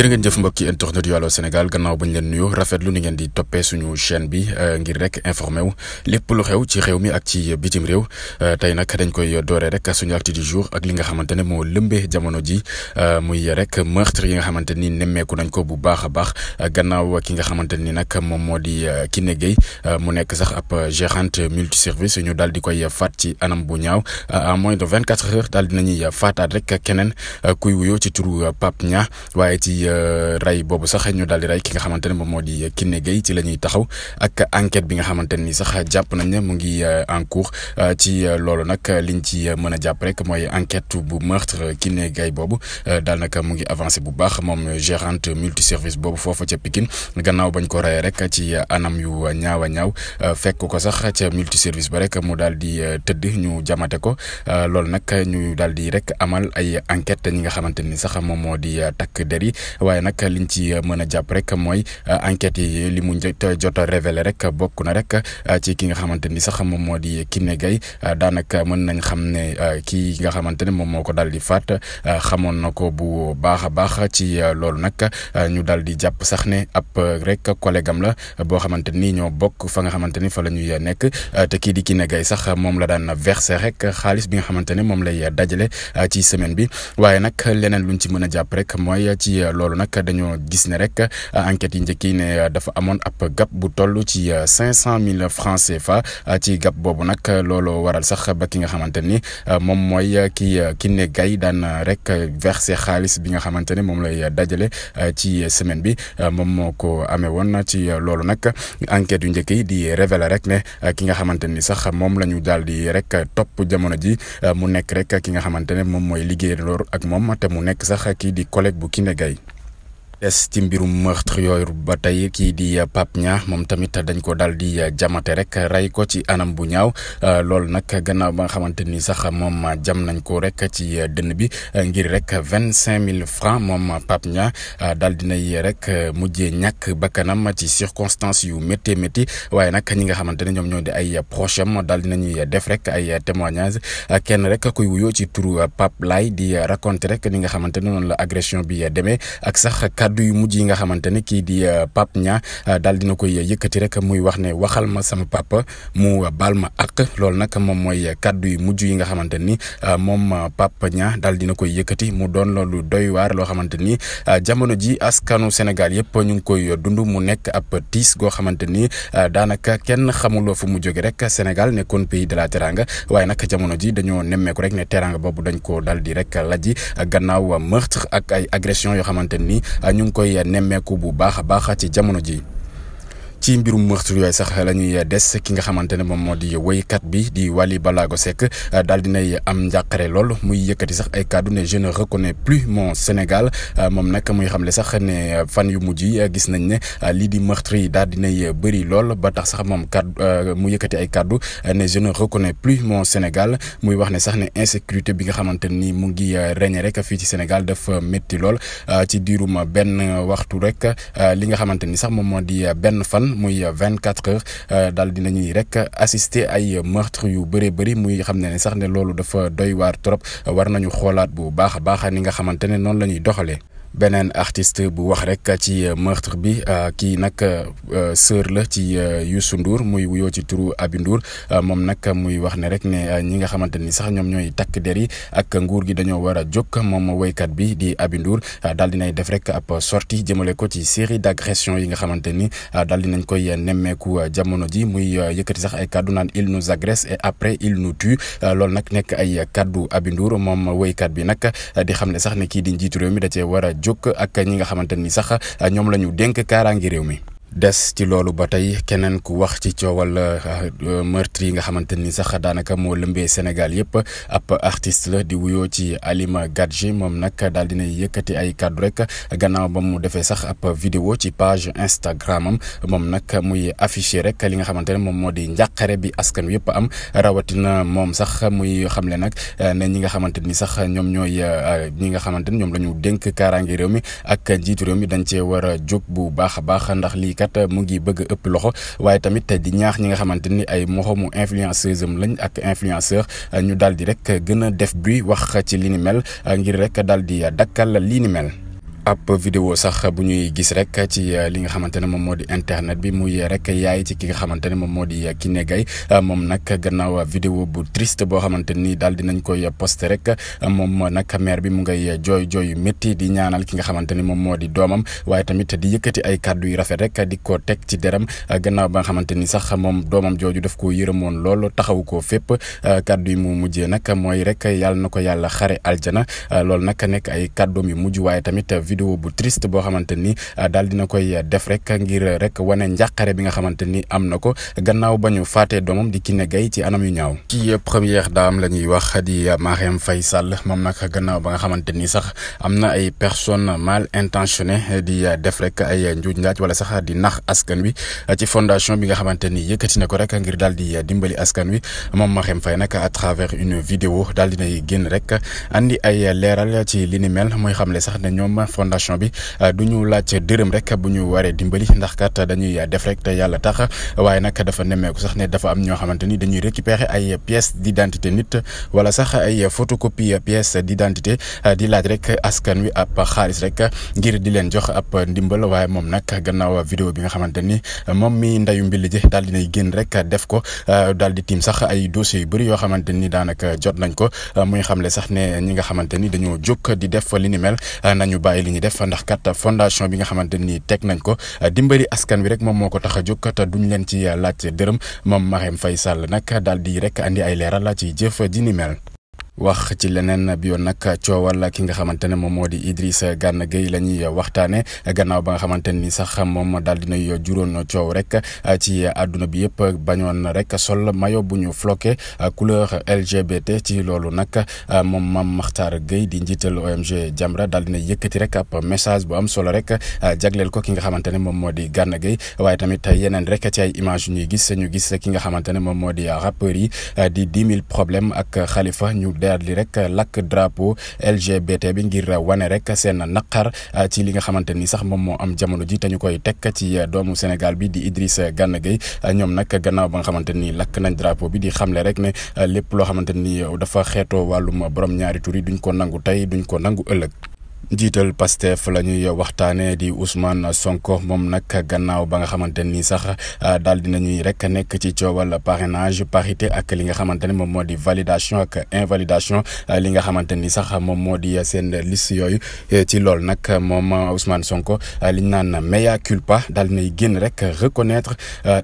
jërë ngeen jëf mbokki internet yu Allô Sénégal gannaaw bañ leen nuyu rafetlu ni ngeen di toppee suñu chaîne bi euh, ngir rek informé lépp lu xew ci réew mi ak ci bitim réew euh, tey nag dañ koy dooree rek suñu acte du jour ak li nga xamante ne moo lëmbee jamono ji euh, muy rek meurtre yi nga xamante ni nemmeeku nañ ko bu baax a baax gannaaw ki nga xamante ni nag moom moo di Kiné Gueye mu nekk sax ab gérante multiservice ñu daal di koy faat ci anam bu ñaaw en moins de vingt quatre heures daal dinañuy faataat rek keneen kuy wuyoo ci turu Pape Nia waaye ci Euh, ray boobu sax ñu daal di ray ki nga xamante ne moom moo di Kiné Gueye ci lañuy taxaw ak enquête bi nga xamante ne ni sax jàpp nañ ne mu ngi euh, en cours euh, ci loolu nag liñ ci mën a jàpp mooy enquête bu meurtre Kiné Gueye boobu daal mu ngi avancé bu baax moom gérante multiservice boobu foofu ca Pikine bañ ko rey rek ci anam yu ñaaw a ñaaw fekk ko sax ca multiservice ba rek mu daal di tëdd ñu jamate ko loolu nag ñu daal di rek amal ay enquête ñi nga xamante ni sax moom moo di takk der yi waaye nag liñ ci mën a jàpp rek mooy euh, enquêtes yi li mu euh, jot a révélé rek bokk na rek euh, ci ki nga xamante ni sax moom moo di Kiné Gaye daanaka mën nañ xam ne kii nga xamante ne moom moo ko daal di faat xamoon na ko bu baax a baax ci loolu nag ñu daal di jàpp sax ne ab rek collègue la boo xamante ni ñoo bokk fa nga xamante ni fa la ñuy nekk te kii di Kiné Gaye sax moom la daan verser rek xaalis bi nga xamante ne moom lay dajale ci semaine bi waaye nag leneen luñ ci mën a jàpp rek mooy ci loolu loolu nag dañoo gis ne rek euh, enquête yu njëkk ne euh, dafa amoon ab gap bu toll ci euh, cinq cent mille francs fa ci gap boobu nag looloo waral sax ba ki nga xamante ni moom mooy ki ki ne gay daan rek verser xaalis bi nga xamante ne moom lay dajale ci semaine bi moom moo ko amee woon ci loolu nag enquête yu njëkk yi di révéler rek ne ki nga xamante ni sax moom la ñu daal di rek topp jamono ji mu nekk rek ki nga xamante ne moom mooy liggéey loolu ak moom te mu nekk sax kii di collègue bu kinne gay ci mbirum meurtre yooyu ba tey kii di Pape Niang moom tamit dañ ko daal di jamate rek rey ko ci anam bu ñaaw euh, loolu nag gannaaw ba nga xamante ni sax moom ma jam nañ ko rek ci dënn bi euh, ngir rek vingt cinq mille francs moom Pape Niang euh, daal di nay rek mujjee ñàkk bakkanam ci circonstances yu métti métti waaye nag ñi nga xamante ne ñoom ñoo di ay proches am daal di nañuy def rek ay témoignages kenn rek kuy wuyoo ci turu Pape Lay di raconter rek ni nga xamante ne noonu la agression bi demee kaddu yu mujj yi nga xamante ne kii di euh, Pape Niang euh, daal dina koy yëkkati rek muy wax ne waxal ma sama papa mu baal ma ak loolu nag moom mooy kaddu yu mujj yi nga xamante ni euh, moom Pape Niang daal dina koy yëkkati mu doon loolu doy waar loo xamante ni jamono ji askanu Sénégal yëpp ñu ngi koy dund mu nekk ab tiis goo xamante ni daanaka kenn xamuloo fu mu jóge rek Sénégal nekkoon pays de la teranga waaye nag jamono ji dañoo nemmeeku rek ne teranga boobu dañ koo daal di rek lajji gannaaw meurtre ak ñu ngi koy nemmeeku bu baax a baax ci jamono ji ci mbirum meurtre yooyu sax la ñuy des ki nga xamante ne moom moo di woykat bi di Wally Ballago Seck daal dinay am njàqare lool muy yëkkati sax ay kàddu ne je ne reconnais plus mon Sénégal moom nag muy xamle sax ne fan yu mujj yi gis nañ ne lii di meurtre yi daal dinay bëri lool ba tax sax moom kàddu euh, mu yëkkati ay kàddu ne je ne reconnais plus Sénégal muy wax ne sax ne insécurité bi nga xamante ni mu ngi euh, régner rek fii ci Sénégal dafa métti lool euh, ci diirum benn waxtu rek li nga xamante ni sax moom moo di benn fan. muy vingt quatre heures euh, daal dinañuy rek assister ay meurtre yu bëree bëri muy xam ne ne sax ne loolu dafa doy waar trop war nañu xoolaat bu baax a baax ni nga xamante ne noonu la ñuy doxalee. beneen artiste bu wax rek ci meurtre bi euh, kii nag euh, sœur la ci euh, Youssou nduur muy wuyoo ci turu Aby Ndour moom nag muy wax ne rek ne ñi nga xamante ni sax ñoom ñooy takk der yi ak nguur gi dañoo war a jóg moom woykat bi di abinduur Ndour di dinay def rek ab sortie jëmale ko ci série yi nga xamante ni daal dinañ koy nemmeeku jamono ji muy yëkkati sax ay kàddu naan il nous agresse et après il nous tue loolu nag nekk ay kàddu Aby Ndour moom woykat bi nag di xam ne sax ne kii di njiitu réew mi da cee war a jokk ak ñi nga xamante ni sax ñoom la ñu dénk kaaraangi réew mi. des ci loolu ba tey keneen ku wax ci coowal euh, meurtre yi nga xamante ni sax daanaka moo lëmbee Sénégal yëpp ab artiste la di wuyoo ci Alima Gadji moom nag daal dina yëkkati ay kàddu rek gannaaw ba mu defee sax ab vidéo ci page Instagram moom nag muy affiché rek li nga xamante ne moom moo di njàqare bi askan wi yëpp am rawatina moom sax muy xamle nag euh, ne ñi nga xamante ni sax ñoom ñooy euh, ñi nga xamante ni ñoom la ñu dénk kaaraange réew mi ak njiitu réew mi dañ cee war a jóg bu baax a baax ndax kat euh, mu ngi bëgg ëpp loxo waaye tamit di ñaax ñi nga xamante ni ay moromu influenceuse am lañ ak influenceur euh, ñu daal di rek gën a def bruit wax ci li ni mel euh, ngir rek daal di dakkal li ni mel. ab vidéo sax bu ñuy gis rek ci euh, li nga xamante ne moom moo di internet bi mu muy rek yaay ci ki nga xamante ne moom moo di euh, Kiné Gaye euh, moom nag gannaaw vidéo bu triste boo xamante ni daal dinañ koy posté rek moom nag maire bi mu ngay jooy jooy métti di ñaanal ki nga xamante ni moom moo di doomam waaye tamit di yëkkati ay kàddu yu rafet rek di ko teg ci deram gannaaw ba nga xamante ni sax moom doomam jooju daf ko yërëmoon lool taxawu ko fépp kàddu yi mu mujjee nag mooy rek yàlla na ko yàlla xare aljana loolu nag nekk ay kàddoom yu mujj tamit. vidéo bu triste boo xamante ni ah, daal dina koy def rek ngir rek wane njàqare bi nga xamante am na ko gannaaw ba ñu faatee doomam di Kiné Gaye ci anam yu ñaaw. ci première dame la ñuy wax di Marième Faye Sall moom nag gannaaw ba nga ni sax am na ay personnes mal di def rek ay njuuj njaaj wala sax di nax askan wi ci fondation bi nga xamante ni yëkkati na ko rek ngir daal di dimbali askan wi moom Marième Faye nag à travers une vidéo daal dinay génn rek andi ay leeral ci li ni xamle sax ne ñoom. fondation bi euh, du ñu laaj dërëm rek bu ñu waree dimbali ndax kat dañuy def rek te yàlla tax waaye nag dafa nemmeeku sax ne dafa am ñoo xamante ni dañuy récupérer ay pièces d'identité nit wala ay photocopie pièces d'identité euh, di laaj rek askan wi ab xaalis rek ngir di leen jox ab ndimbal waaye moom nag gannaaw vidéo bi nga xamante ni moom mi ndayu mbili ji daal dinay génn rek def ko euh, daal di tiim sax ay dossiers yu bëri yoo xamante ni daanaka jot nañ ko muy xamle sax ne ñi nga ni dañoo jóg di def li nañu bàyyi li ñu def ndax kat fondation bi nga xamante ni teg nañ ko dimbali askan wi rek moom moo ko tax a jóg te duñ leen ci laaj dërëm moom Marème fay Sall nag daal di rek indi ay leeral ci jëf ji ni mel. wax ci leneen bi yoon nag coowal ki nga xamante ne moom moo di Idrissa Gana Gueye la ñuy waxtaane gannaaw ba nga xamante ni sax moom daal dinay juróon coow rek ci àdduna bi yëpp bañoon rek sol mayo bu ñu floqué couleur LGBT ci loolu nag moom Mame maxtaar Gueye di njiital ONG Jamra daal dina yëkkati rek ab message bu am solo rek jagleel ko ki nga xamante ne moom moo di Gana Gueye waaye tamit yeneen rek ci ay image yu ñuy gis ñu gis ki nga xamante ne moom moo di rappeurs yi di dix mille problèmes ak daal lii rek lakk drapeau LGBT bi ngir wane rek seen naqar ah, ci li nga xamante ni sax moom moo am jamono ji te ñu koy teg ci doomu Sénégal bi di Idriss Gana Gueye ah, ñoom nag gannaaw ba nga xamante ni lakk nañ drapeau bi di xamle rek ne ah, lépp loo xamante ni dafa xeetoo wàllum borom ñaari tur duñ ko nangu tey duñ ko nangu ëllëg. jiital Pastef la ñuy waxtaanee di Ousmane Sonko moom nag gannaaw ba nga xamante ni sax ah, daal di ñuy rek nekk ci coowal parrainage parité ak li nga xamante ne moom moo di validation ak invalidation ah, li nga xamante ni sax moom moo di seen liste yooyu eh, ci lool nag moom Ousmane Sonko ah, li ñu naan mea culpa daal di génn rek reconnaître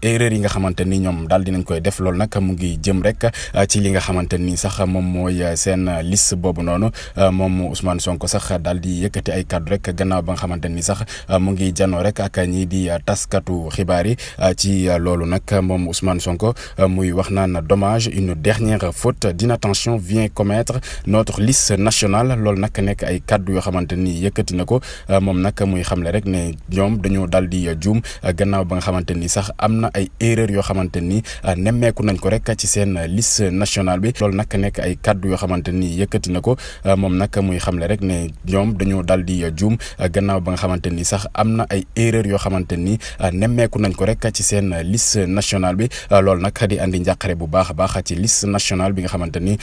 erreur yi nga xamante ni ñoom daal di koy def nag mu ngi jëm rek ci li nga xamante ni sax moom mooy seen liste boobu noonu moom Ousmane Sonko sax dal di yëkkati ay kaddu rek gannaaw ba nga xamante ni sax euh, mu ngi janoo rek ak ñii di euh, taskatu xibaar yi euh, ci loolu nag moom Ousmane Sonko muy wax naan dommage une dernière faute d'inattention vient commettre notre liste national loolu nag nekk ay kàddu yoo xamante ni yëkkati na ko moom nag muy xamle rek ne ñoom dañoo daal di juum gannaaw ba nga xamante ni sax am na ay erreur yoo xamante ni nemmeeku nañ ko rek ci seen liste nationale bi loolu nag nekk ay kàddu yoo xamante ni yëkkati na ko moom nag muy xamle rek ne ñoom dañoo daal di juum gannaaw ba nga xamante ni sax am na ay erreur yoo xamante ni nemmeeku nañ ko rek ci seen liste nationale bi loolu nag di andi njàqare bu baax a baax ci liste nationale bi nga xamante ni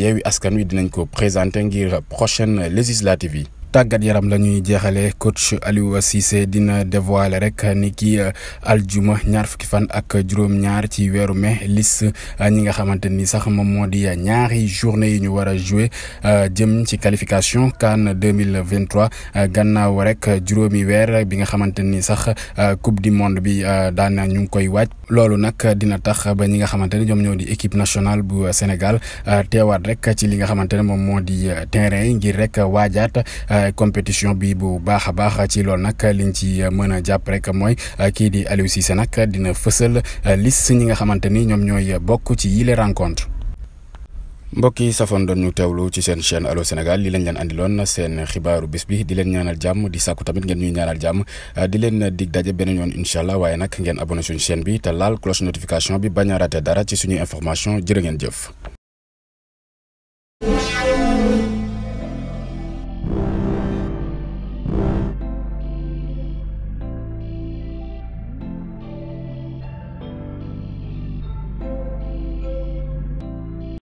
yeewi askan wi dinañ ko présenter ngir prochaine législative yi tàggat yaram la ñuy jeexalee coach Aliou Cissé dina dévoiler rek ni ki euh, aljuma ñaar fukki fan ak juróom-ñaar ci weeru mai list euh, ñi nga xamante ni sax moom moo di ñaari journée yi ñu war a jouer euh, jëm ci qualification CAN 2023 gannaaw rek juróomi weer bi nga xamante ni sax coupe du monde bi daan na ñu ngi koy waaj loolu nag dina tax ba ñi nga xamante ne ñoom ñoo di équipe nationale bu Sénégal teewaat rek ci li nga xamante ne moom moo di terrain yi ngir rek waajaat. compétition bi bu baax a baax ci loolu nag liñ ci mën a jàpp rek mooy euh, kii di Aliou Cissé nag dina fësal euh, liste ñi nga xamante ni ñoom ñooy bokk ci yile rencontre. mbokk yi safoon doon ñu teewlu ci seen chaîne Allô Sénégal yi lañ leen indiloon andiloon seen xibaaru bis bi di leen ñaanal jàmm di sàkku tamit ngeen ñuy ñaanal jàmm euh, di leen dig daje beneen yoon incha allah waaye nag ngeen abonné suñ chaîne bi te laal cloche notification bi bañ a dara ci suñu information jërë jëf.